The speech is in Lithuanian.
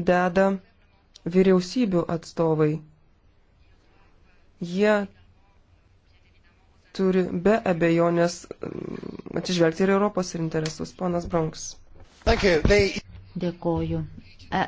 deda vyriausybių atstovai. Jie turi be abejonės mm, atsižvelgti ir Europos interesus. Ponas Bronks. They... Dėkoju.